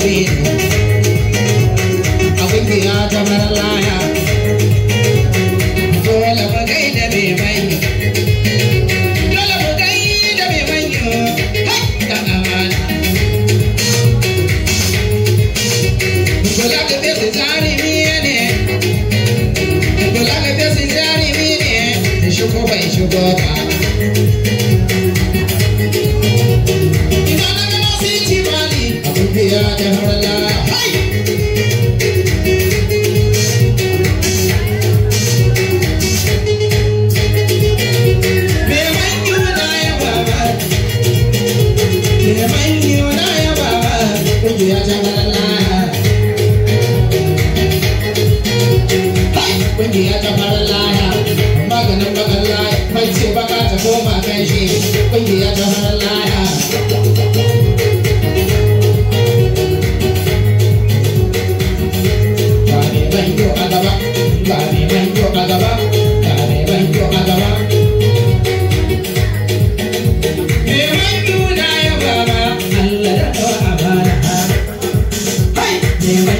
baby. I went the yard I can't it now.